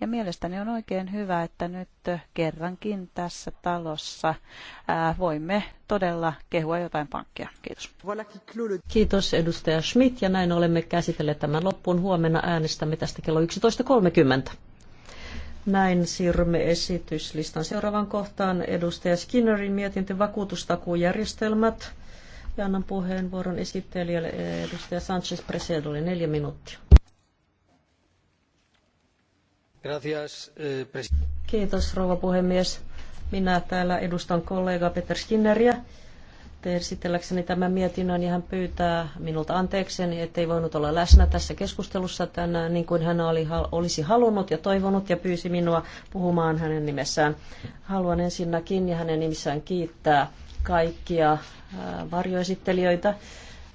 Ja mielestäni on oikein hyvä, että nyt kerrankin tässä talossa voimme todella kehua jotain pankkia. Kiitos. Kiitos edustaja Schmidt ja näin olemme käsitelleet tämän loppuun. Huomenna äänestämme tästä kello 11.30. Näin siirrymme esityslistan seuraavan kohtaan. Edustaja Skinnerin mietintö vakuutustakuujärjestelmät. Ja annan puheenvuoron esittelijälle edustaja Sanchez Presedolle neljä minuuttia. Eh, Kiitos rouva puhemies. Minä täällä edustan kollega Peter Skinneriä esitelläkseni tämän mietinnön ja hän pyytää minulta anteekseni, niin ettei voinut olla läsnä tässä keskustelussa tänään niin kuin hän oli, olisi halunnut ja toivonut ja pyysi minua puhumaan hänen nimessään. Haluan ensinnäkin ja hänen nimissään kiittää kaikkia varjoesittelijöitä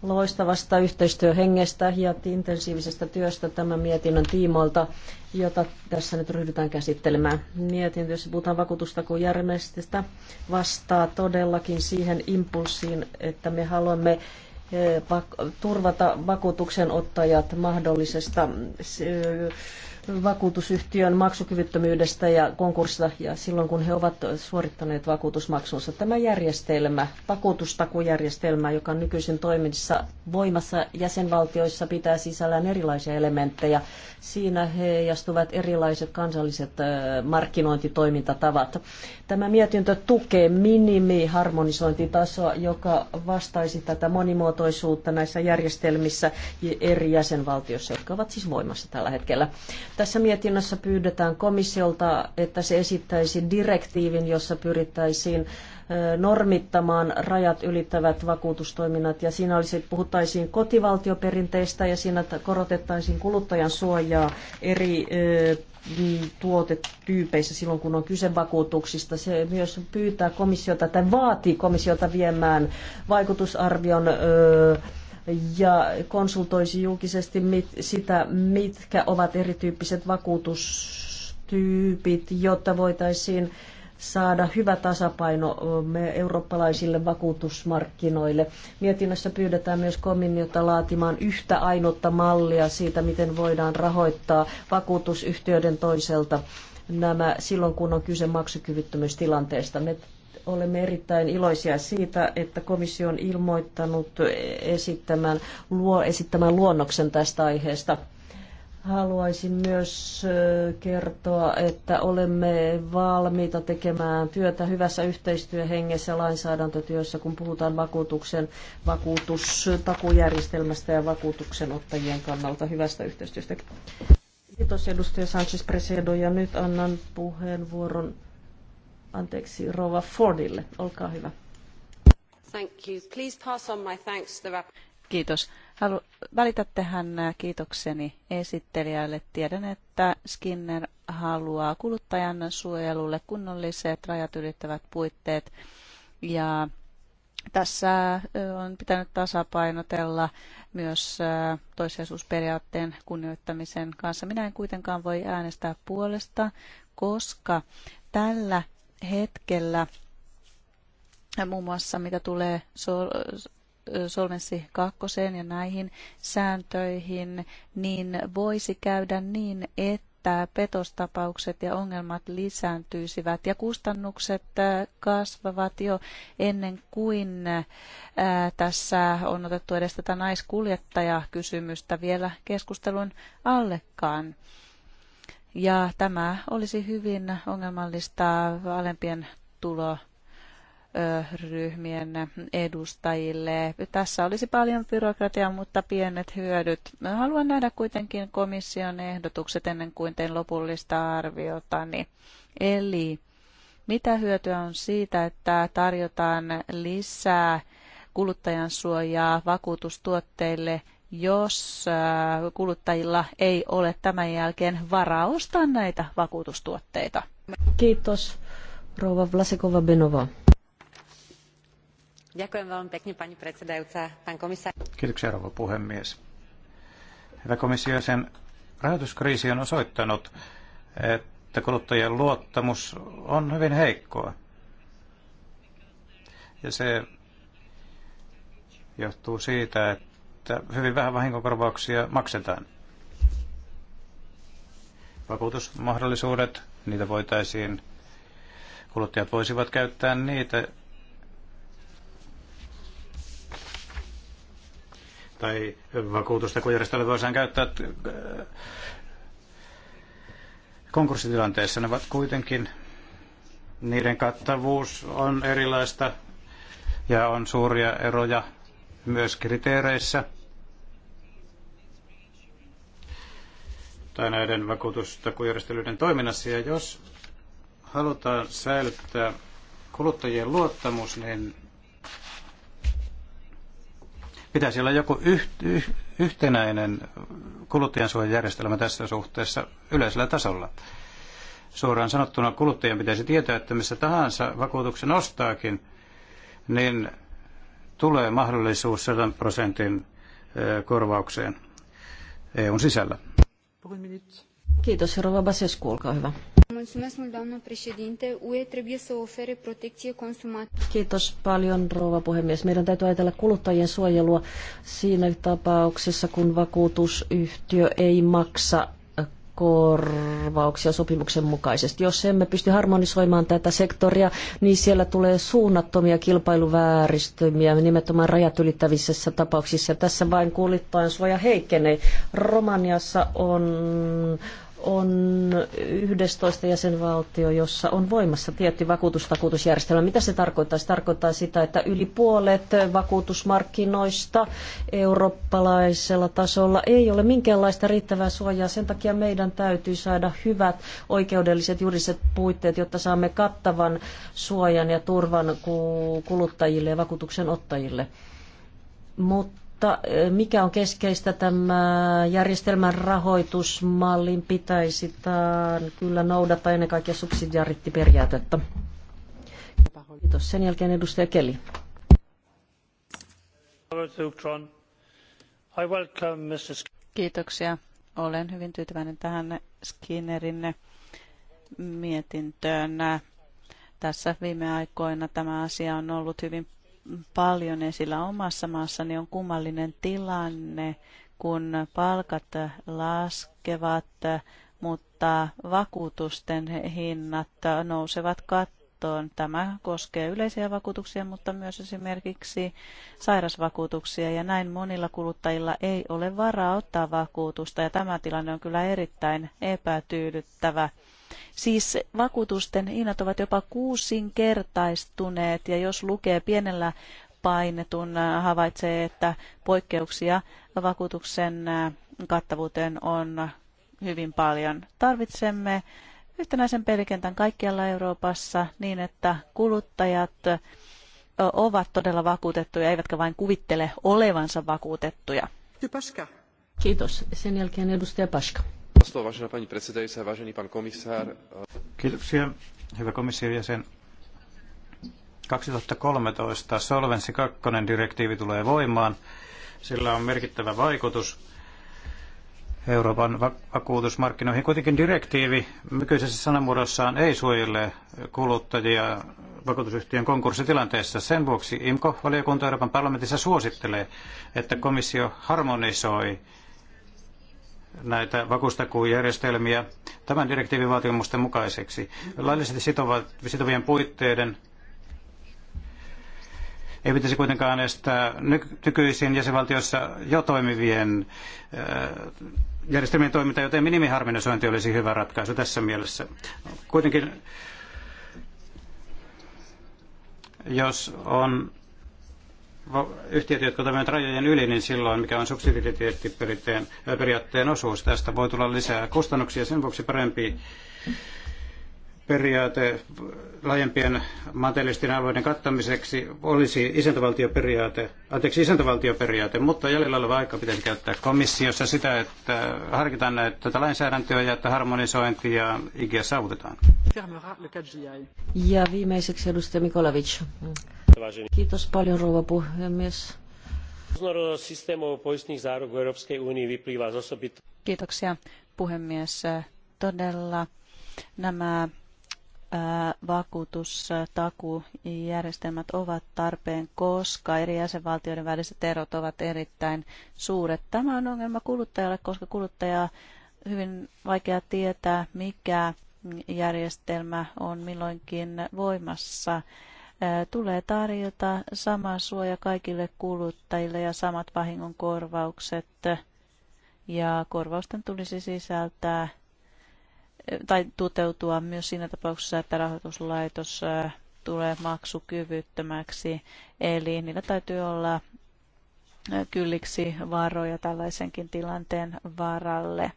loistavasta yhteistyöhengestä ja intensiivisestä työstä tämän mietinnön tiimoilta, jota tässä nyt ryhdytään käsittelemään. Mietintö, jos puhutaan vakuutusta kuin järjestöstä, vastaa todellakin siihen impulssiin, että me haluamme eh, turvata vakuutuksen ottajat mahdollisesta eh, vakuutusyhtiön maksukyvyttömyydestä ja konkurssista ja silloin kun he ovat suorittaneet vakuutusmaksunsa. Tämä järjestelmä, vakuutustakujärjestelmä, joka on nykyisin toiminnassa voimassa jäsenvaltioissa, pitää sisällään erilaisia elementtejä. Siinä heijastuvat erilaiset kansalliset markkinointitoimintatavat. Tämä mietintö tukee minimiharmonisointitasoa, joka vastaisi tätä monimuotoisuutta näissä järjestelmissä eri jäsenvaltioissa, jotka ovat siis voimassa tällä hetkellä. Tässä mietinnössä pyydetään komissiolta, että se esittäisi direktiivin, jossa pyrittäisiin normittamaan rajat ylittävät vakuutustoiminnat. Ja siinä olisi, puhuttaisiin kotivaltioperinteistä ja siinä korotettaisiin kuluttajan suojaa eri mm, tuotetyypeissä silloin, kun on kyse vakuutuksista. Se myös pyytää komissiota tai vaatii komissiota viemään vaikutusarvion ja konsultoisi julkisesti mit, sitä, mitkä ovat erityyppiset vakuutustyypit, jotta voitaisiin saada hyvä tasapaino me eurooppalaisille vakuutusmarkkinoille. Mietinnössä pyydetään myös komissiota laatimaan yhtä ainutta mallia siitä, miten voidaan rahoittaa vakuutusyhtiöiden toiselta nämä silloin, kun on kyse maksukyvyttömyystilanteesta. Me Olemme erittäin iloisia siitä, että komissio on ilmoittanut esittämään, luo, esittämään luonnoksen tästä aiheesta. Haluaisin myös kertoa, että olemme valmiita tekemään työtä hyvässä yhteistyöhengessä lainsäädäntötyössä, kun puhutaan vakuutuksen vakuutustakujärjestelmästä ja vakuutuksenottajien kannalta hyvästä yhteistyöstä. Kiitos edustaja Sanchez Presedo ja nyt annan puheenvuoron anteeksi, Rova Fordille. Olkaa hyvä. Thank you. Please pass on my thanks to the Kiitos. Halu, välitättehän kiitokseni esittelijälle. Tiedän, että Skinner haluaa kuluttajan suojelulle kunnolliset rajat ylittävät puitteet. Ja tässä on pitänyt tasapainotella myös toissijaisuusperiaatteen kunnioittamisen kanssa. Minä en kuitenkaan voi äänestää puolesta, koska tällä hetkellä, muun muassa mitä tulee sol- Solvenssi kakkoseen ja näihin sääntöihin, niin voisi käydä niin, että petostapaukset ja ongelmat lisääntyisivät ja kustannukset äh, kasvavat jo ennen kuin äh, tässä on otettu edes tätä naiskuljettajakysymystä vielä keskustelun allekaan. Ja tämä olisi hyvin ongelmallista alempien tulo ryhmien edustajille. Tässä olisi paljon byrokratiaa, mutta pienet hyödyt. Haluan nähdä kuitenkin komission ehdotukset ennen kuin teen lopullista arviotani. Eli mitä hyötyä on siitä, että tarjotaan lisää kuluttajansuojaa vakuutustuotteille, jos äh, kuluttajilla ei ole tämän jälkeen varaa ostaa näitä vakuutustuotteita. Kiitos. Rouva Vlasikova Benova. Kiitoksia, rouva puhemies. Hyvä komissio, sen rahoituskriisi on osoittanut, että kuluttajien luottamus on hyvin heikkoa. Ja se johtuu siitä, että että hyvin vähän vahinkokorvauksia maksetaan. Vakuutusmahdollisuudet, niitä voitaisiin, kuluttajat voisivat käyttää niitä tai vakuutusta kun järjestelmä voidaan käyttää äh, konkurssitilanteessa. Ne ovat kuitenkin, niiden kattavuus on erilaista ja on suuria eroja myös kriteereissä tai näiden vakuutustakujärjestelyiden toiminnassa. Ja jos halutaan säilyttää kuluttajien luottamus, niin pitäisi olla joku yht, yh, yhtenäinen kuluttajansuojajärjestelmä tässä suhteessa yleisellä tasolla. Suoraan sanottuna kuluttajan pitäisi tietää, että missä tahansa vakuutuksen ostaakin, niin tulee mahdollisuus 100 prosentin korvaukseen EUn sisällä. Kiitos, Rova Basescu, olkaa hyvä. E Kiitos paljon, rouva puhemies. Meidän täytyy ajatella kuluttajien suojelua siinä tapauksessa, kun vakuutusyhtiö ei maksa korvauksia sopimuksen mukaisesti. Jos emme pysty harmonisoimaan tätä sektoria, niin siellä tulee suunnattomia kilpailuvääristymiä nimenomaan rajat ylittävissä tapauksissa. Tässä vain kuulittain suoja heikkenee. Romaniassa on on 11 jäsenvaltio, jossa on voimassa tietty vakuutusvakuutusjärjestelmä. Mitä se tarkoittaa? Se tarkoittaa sitä, että yli puolet vakuutusmarkkinoista eurooppalaisella tasolla ei ole minkäänlaista riittävää suojaa. Sen takia meidän täytyy saada hyvät oikeudelliset juridiset puitteet, jotta saamme kattavan suojan ja turvan kuluttajille ja vakuutuksen ottajille. Mutta mutta mikä on keskeistä tämä järjestelmän rahoitusmallin pitäisi tämän kyllä noudata ennen kaikkea subsidiarittiperiaatetta. Kiitos. Sen jälkeen edustaja Keli. Kiitoksia. Olen hyvin tyytyväinen tähän Skinnerin mietintöön. Tässä viime aikoina tämä asia on ollut hyvin paljon esillä omassa niin on kummallinen tilanne, kun palkat laskevat, mutta vakuutusten hinnat nousevat kattoon. Tämä koskee yleisiä vakuutuksia, mutta myös esimerkiksi sairasvakuutuksia, ja näin monilla kuluttajilla ei ole varaa ottaa vakuutusta, ja tämä tilanne on kyllä erittäin epätyydyttävä. Siis vakuutusten hinnat ovat jopa kuusinkertaistuneet ja jos lukee pienellä painetun, äh, havaitsee, että poikkeuksia vakuutuksen äh, kattavuuteen on hyvin paljon. Tarvitsemme yhtenäisen pelikentän kaikkialla Euroopassa niin, että kuluttajat ovat todella vakuutettuja, eivätkä vain kuvittele olevansa vakuutettuja. Kiitos. Sen jälkeen edustaja Paska. Vážená pani predsedajúca, vážený pán komisár. Kiitoksia, hyvä komission jäsen. 2013 Solvensi 2 direktiivi tulee voimaan. Sillä on merkittävä vaikutus Euroopan vakuutusmarkkinoihin. Kuitenkin direktiivi nykyisessä sanamuodossaan ei suojele kuluttajia vakuutusyhtiön konkurssitilanteessa. Sen vuoksi IMKO-valiokunta Euroopan parlamentissa suosittelee, että komissio harmonisoi näitä vakuustakuujärjestelmiä tämän direktiivin vaatimusten mukaiseksi. Laillisesti sitovien puitteiden ei pitäisi kuitenkaan estää nykyisin jäsenvaltioissa jo toimivien äh, järjestelmien toiminta, joten minimiharmonisointi olisi hyvä ratkaisu tässä mielessä. Kuitenkin jos on yhtiöt, jotka toimivat rajojen yli, niin silloin mikä on subsidiariteettiperiaatteen osuus, tästä voi tulla lisää kustannuksia. Sen vuoksi parempi periaate laajempien materiaalisten alueiden kattamiseksi olisi isäntävaltioperiaate, anteeksi isäntävaltioperiaate, mutta jäljellä oleva aika pitäisi käyttää komissiossa sitä, että harkitaan näitä, tätä lainsäädäntöä ja että harmonisointi ja IGS saavutetaan. Ja viimeiseksi edustaja Mikolavic. Kiitos paljon, rouva puhemies. Různorodosť systémov poistných záruk v Európskej únii vyplýva z Kiitoksia, puhemies. Todella nämä vakuutustakujärjestelmät ovat tarpeen, koska eri jäsenvaltioiden väliset erot ovat erittäin suuret. Tämä on ongelma kuluttajalle, koska kuluttaja hyvin vaikea tietää, mikä järjestelmä on milloinkin voimassa tulee tarjota sama suoja kaikille kuluttajille ja samat vahingonkorvaukset. Ja korvausten tulisi sisältää tai toteutua myös siinä tapauksessa, että rahoituslaitos tulee maksukyvyttömäksi. Eli niillä täytyy olla kylliksi varoja tällaisenkin tilanteen varalle.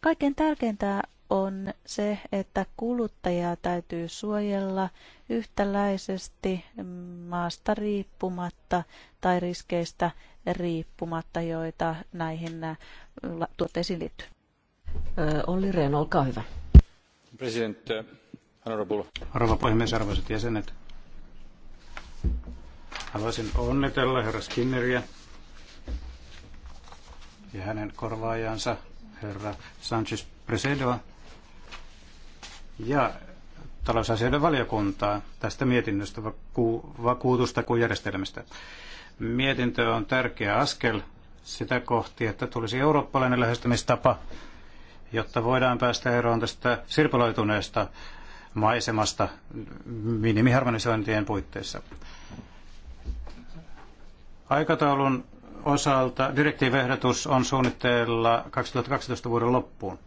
Kaikkein tärkeintä on se, että kuluttajaa täytyy suojella yhtäläisesti maasta riippumatta tai riskeistä riippumatta, joita näihin äh, tuotteisiin liittyy. Olli Rehn, olkaa hyvä. President, äh, honorable. puhemies, arvoisat jäsenet. Haluaisin onnitella herra Skinneriä ja hänen korvaajansa herra Sanchez Presedoa ja talousasioiden valiokuntaa tästä mietinnöstä vakuutusta kuin järjestelmistä. Mietintö on tärkeä askel sitä kohti, että tulisi eurooppalainen lähestymistapa, jotta voidaan päästä eroon tästä sirpaloituneesta maisemasta minimiharmonisointien puitteissa. Aikataulun osalta direktiivehdotus on suunnitteilla 2012 vuoden loppuun.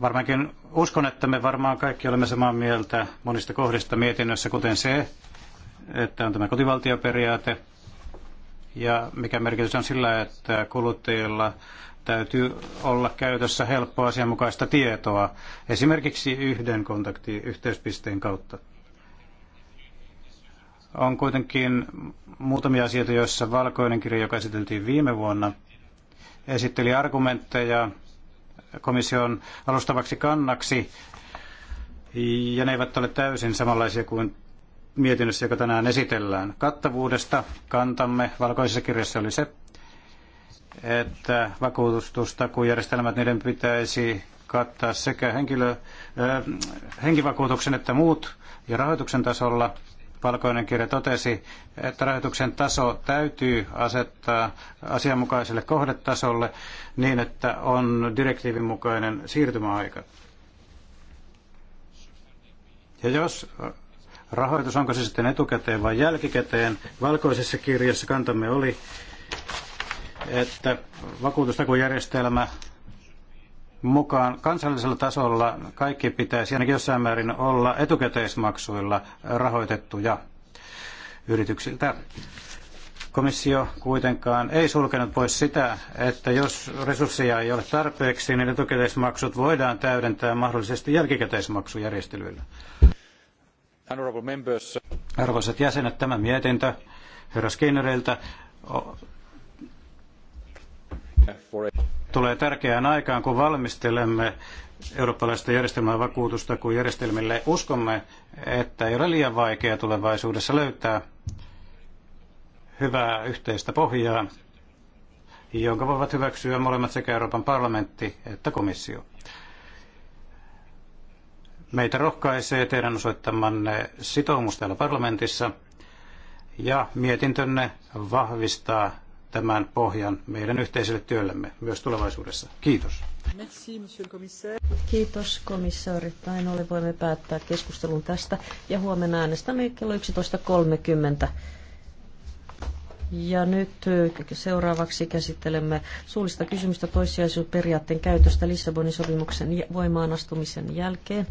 Varmaankin uskon, että me varmaan kaikki olemme samaa mieltä monista kohdista mietinnössä, kuten se, että on tämä kotivaltioperiaate ja mikä merkitys on sillä, että kuluttajilla täytyy olla käytössä helppoa asianmukaista tietoa, esimerkiksi yhden kontaktin yhteyspisteen kautta. On kuitenkin muutamia asioita, joissa valkoinen kirja, joka esiteltiin viime vuonna, esitteli argumentteja komission alustavaksi kannaksi, ja ne eivät ole täysin samanlaisia kuin mietinnössä, joka tänään esitellään. Kattavuudesta kantamme valkoisessa kirjassa oli se, että vakuutustakujärjestelmät, niiden pitäisi kattaa sekä henkilö, henkivakuutuksen että muut ja rahoituksen tasolla – Valkoinen kirja totesi, että rahoituksen taso täytyy asettaa asianmukaiselle kohdetasolle niin, että on direktiivin mukainen siirtymäaika. Ja jos rahoitus, onko se sitten etukäteen vai jälkikäteen, valkoisessa kirjassa kantamme oli, että vakuutustakujärjestelmä mukaan kansallisella tasolla kaikki pitäisi ainakin jossain määrin olla etukäteismaksuilla rahoitettuja yrityksiltä. Komissio kuitenkaan ei sulkenut pois sitä, että jos resursseja ei ole tarpeeksi, niin etukäteismaksut voidaan täydentää mahdollisesti jälkikäteismaksujärjestelyillä. Arvoisat jäsenet, tämä mietintö herra Skinneriltä tulee tärkeään aikaan, kun valmistelemme eurooppalaista järjestelmää vakuutusta, kun järjestelmille uskomme, että ei ole liian vaikea tulevaisuudessa löytää hyvää yhteistä pohjaa, jonka voivat hyväksyä molemmat sekä Euroopan parlamentti että komissio. Meitä rohkaisee teidän osoittamanne sitoumus täällä parlamentissa ja mietintönne vahvistaa tämän pohjan meidän yhteiselle työllemme myös tulevaisuudessa. Kiitos. Kiitos komissaari. Näin ollen voimme päättää keskustelun tästä ja huomenna äänestämme kello 11.30. Ja nyt äh, seuraavaksi käsittelemme suullista kysymystä toissijaisuusperiaatteen käytöstä Lissabonin sopimuksen voimaanastumisen jälkeen.